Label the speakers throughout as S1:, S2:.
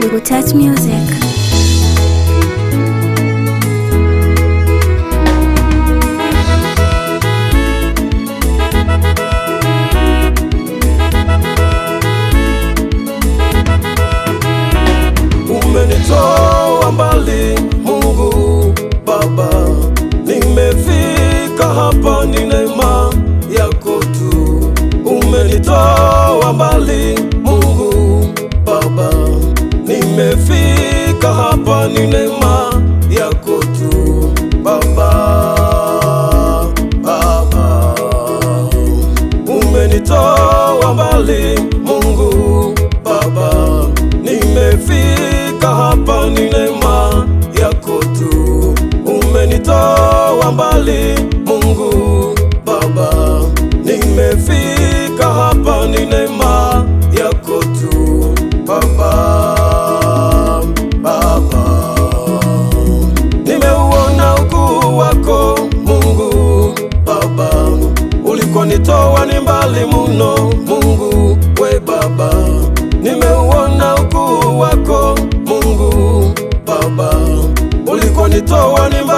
S1: We will touch music. nimefika hapa ni neema yako tu Baba, Baba umenitoa mbali Mungu Baba, nimefika hapa ni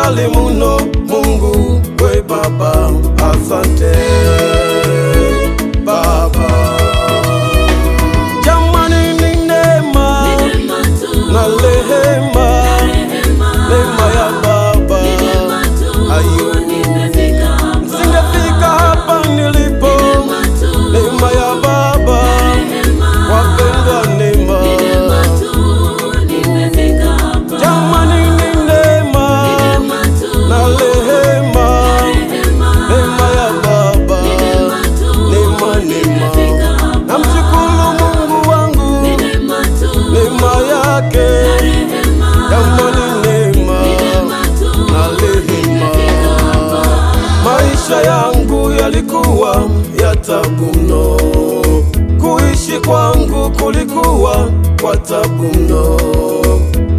S1: falei, hata mno. Kuishi kwangu kulikuwa kwa tabu mno,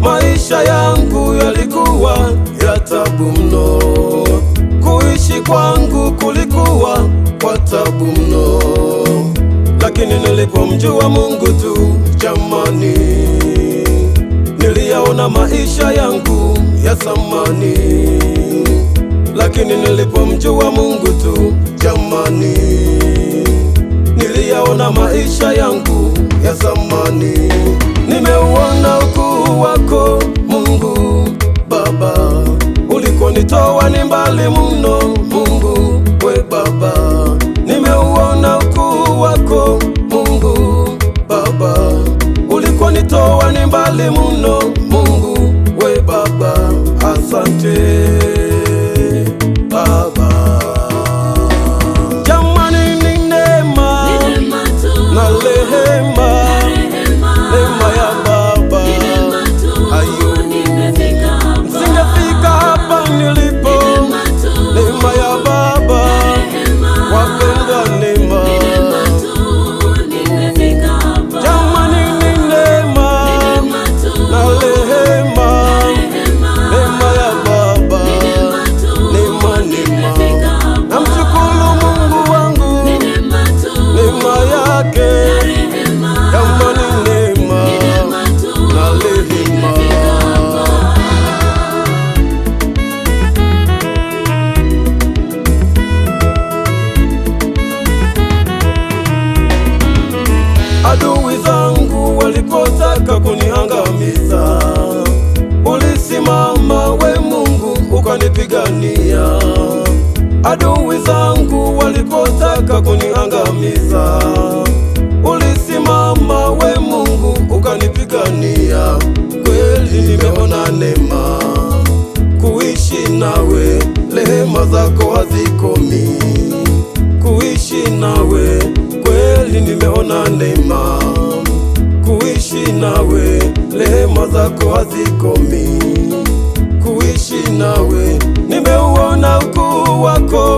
S1: maisha yangu yalikuwa ya tabu mno. Kuishi kwangu kulikuwa kwa tabu mno, lakini nilipomjua Mungu tu jamani, niliyaona maisha yangu ya thamani, lakini nilipomjua Mungu tu jamani. maisha yangu ya zamani. Nimeuona ukuu wako Mungu Baba, ulikonitoa ni mbali mno. Mungu we Baba, nimeuona ukuu wako Mungu Baba, ulikonitoa ni mbali mno ukataka kuniangamiza. Ulisimama we Mungu ukanipigania, adui zangu walipotaka kuniangamiza. hazikomi. Kuishi nawe nimeuona ukuu wako